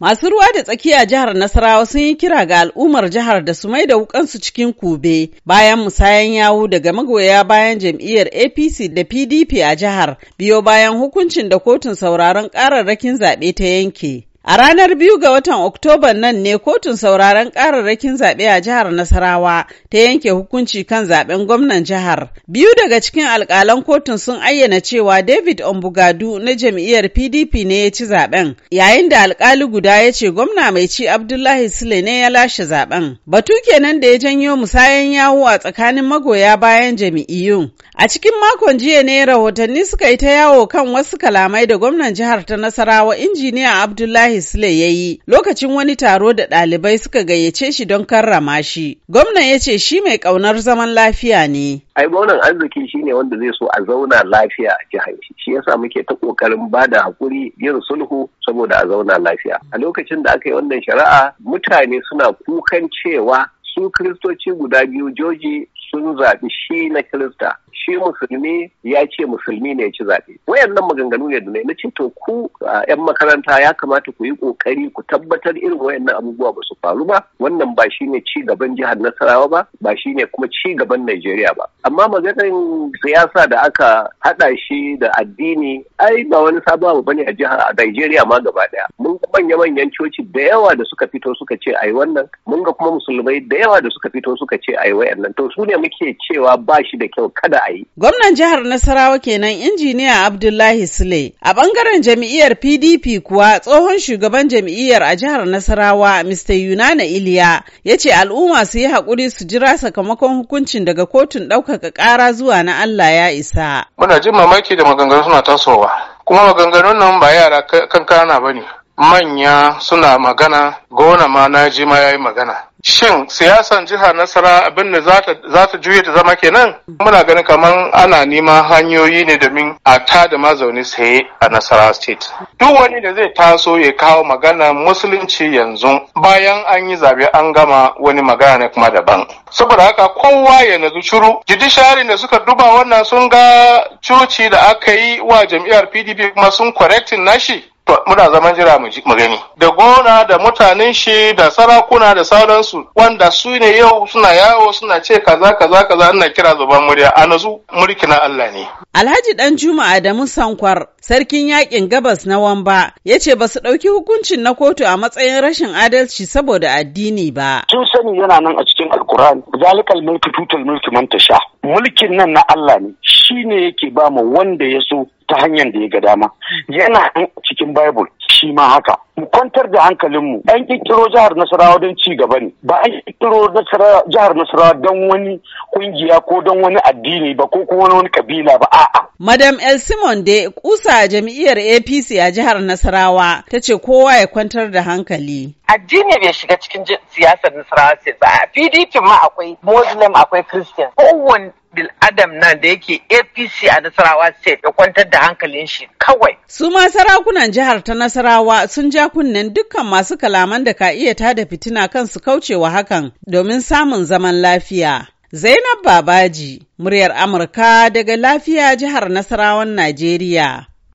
Masu ruwa da tsakiya jihar Nasarawa sun yi kira ga al'ummar jihar da su maida wukansu cikin kube bayan musayan yawu daga magoya bayan jam'iyyar APC da PDP a jihar biyo bayan hukuncin da kotun sauraron kararrakin zaɓe ta yanke. A ranar biyu ga watan Oktoba nan ne kotun sauraron kararrakin zaɓe a jihar Nasarawa ta yanke hukunci kan zaɓen gwamnan jihar. Biyu daga cikin alƙalan kotun sun ayyana cewa David Ombugadu na jam'iyyar PDP ne ya ci zaɓen, yayin da alƙali guda ya ce gwamna mai ci Abdullahi Sule ne ya lashe zaɓen. Batu kenan da ya janyo musayan yawo a tsakanin magoya bayan jam'iyyun. A cikin makon jiya ne rahotanni suka yi ta yawo kan wasu kalamai da gwamnan jihar ta Nasarawa injiniya Abdullahi Abdullahi Sule ya yi lokacin wani taro da ɗalibai suka gayyace shi don karrama shi. Gwamnan ya ce shi mai ƙaunar zaman lafiya ne. Ai gwamnan arziki shi ne wanda zai so a zauna lafiya a jihar shi. Shi yasa muke ta ƙoƙarin ba da haƙuri yin sulhu saboda a zauna lafiya. A lokacin da aka yi wannan shari'a mutane suna kukan cewa su kiristoci guda biyu joji sun zaɓi shi na kirista shi musulmi ya ce musulmi ne ya ci zaɓe wayannan maganganu ne da na ce to ku yan makaranta ya kamata ku yi kokari ku tabbatar irin wayannan abubuwa ba su faru ba wannan ba shi ne ci gaban jihar Nasarawa ba ba shi ne kuma ci gaban Najeriya ba amma maganin siyasa da aka haɗa shi da addini ai ba wani sabon abu ne a jihar a Najeriya ma gaba ɗaya. mun ga manya-manyan coci da yawa da suka fito suka ce ai wannan mun ga kuma musulmai da yawa da suka fito suka ce ai wayannan to su ne muke cewa ba shi da kyau kada Gwamnan jihar Nasarawa kenan injiniya Abdullahi Sule. A bangaren jam'iyyar PDP kuwa tsohon shugaban jam'iyyar a jihar Nasarawa Mr. Yunana Iliya ya ce al'umma su yi haƙuri su jira sakamakon hukuncin daga kotun ɗaukaka ƙara zuwa na Allah ya isa. Muna jin mamaki da maganganu suna tasowa. Kuma maganganun nan ba yara kankana ba ne. manya suna magana gona ma na ji ma yayi magana shin siyasan jihar nasara abin da za ta juya ta zama kenan muna ganin kamar ana neman hanyoyi ne domin a ta da mazauni saye a nasara state duk wani da zai taso ya kawo magana musulunci yanzu bayan an yi zabe an gama wani magana ne kuma daban saboda haka kowa ya nazu shiru jidishari da suka duba wannan sun ga coci da aka yi wa jam'iyyar pdp kuma sun correcting nashi muna zaman jira mu gani da gona da mutanen shi da sarakuna da sauransu wanda su ne yau suna yawo suna ce kaza kaza kaza ina kira zuban murya a nazu mulki na Allah ne Alhaji dan Juma da musankwar sarkin yakin gabas na Wamba yace ce ba su ɗauki hukuncin na kotu a matsayin rashin adalci saboda addini ba sun sani yana nan a cikin alkurani zalikal mulki tutul mulki man tasha mulkin nan na Allah ne shi ne yake ba mu wanda ya so ta hanyar da ya ga dama yana cikin bible shi ma haka mu kwantar da hankalinmu an ƙirƙiro jihar nasarawa don ci gaba ne ba an ƙirƙiro jihar nasarawa don wani ƙungiya ko don wani addini ba ko kuma wani kabila ba a'a Madam El Simon de kusa a jam'iyyar APC a jihar Nasarawa ta ce kowa ya kwantar da hankali. Addini bai shiga cikin siyasar Nasarawa sai ba. PDP ma akwai Muslim akwai Christian. Kowane bil adam nan da yake apc a nasarawa state ya kwantar da hankalin shi kawai su ma sarakunan jihar ta nasarawa sun ja kunnen dukkan masu kalaman da ka iya tada fitina kan su kaucewa hakan domin samun zaman lafiya Zainab Babaji, muryar Amurka daga lafiya jihar Nasarawan Najeriya.